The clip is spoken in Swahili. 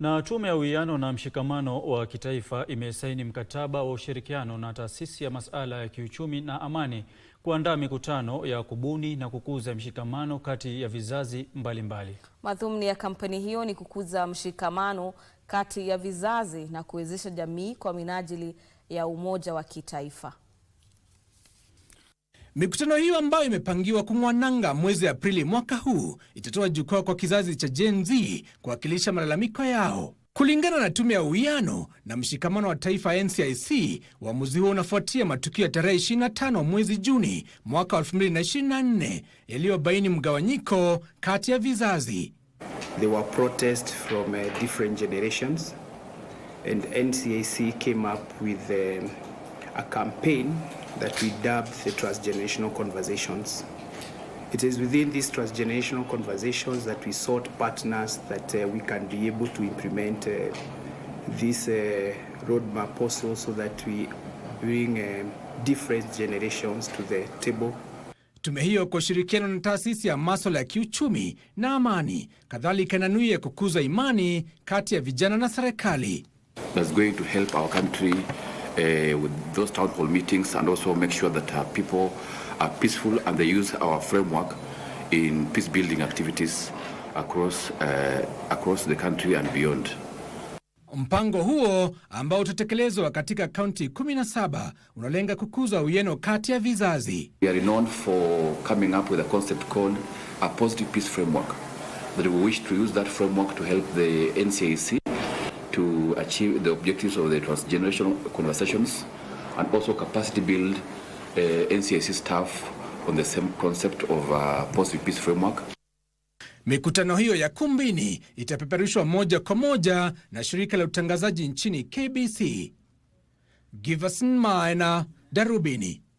Na Tume ya Uwiano na Mshikamano wa Kitaifa imesaini mkataba wa ushirikiano na Taasisi ya Masuala ya Kiuchumi na Amani kuandaa mikutano ya kubuni na kukuza mshikamano kati ya vizazi mbalimbali. Madhumuni ya kampeni hiyo ni kukuza mshikamano kati ya vizazi na kuwezesha jamii kwa minajili ya umoja wa kitaifa. Mikutano hiyo ambayo imepangiwa kumwananga mwezi Aprili mwaka huu itatoa jukwaa kwa kizazi cha Gen Z kuwakilisha malalamiko yao. Kulingana na tume ya uwiano na mshikamano wa taifa NCIC, uamuzi huo unafuatia matukio ya tarehe 25 mwezi Juni mwaka 2024 yaliyobaini mgawanyiko kati ya vizazi. There were protests from uh, different generations and NCIC came up with um, a campaign that we dub the transgenerational conversations. It is within these transgenerational conversations that we sought partners that uh, we can be able to implement uh, this uh, roadmap also so that we bring uh, different generations to the table. Tume hiyo kwa ushirikiano na taasisi ya maswala ya kiuchumi na amani kadhalika inanuia kukuza imani kati ya vijana na serikali. That's going to help our country uh, with those town hall meetings and also make sure that uh, people are peaceful and they use our framework in peace building activities across, uh, across the country and beyond. Mpango huo ambao utatekelezwa katika kaunti 17 unalenga kukuza uwiano kati ya vizazi. We are known for coming up with a concept called a positive peace framework that we wish to use that framework to help the NCAC achieve the objectives of the transgenerational conversations and also capacity build uh, NCIC staff on the same concept of uh, positive peace framework. Mikutano hiyo ya kumbini itapeperushwa moja kwa moja na shirika la utangazaji nchini KBC. Giverson Maina, Darubini.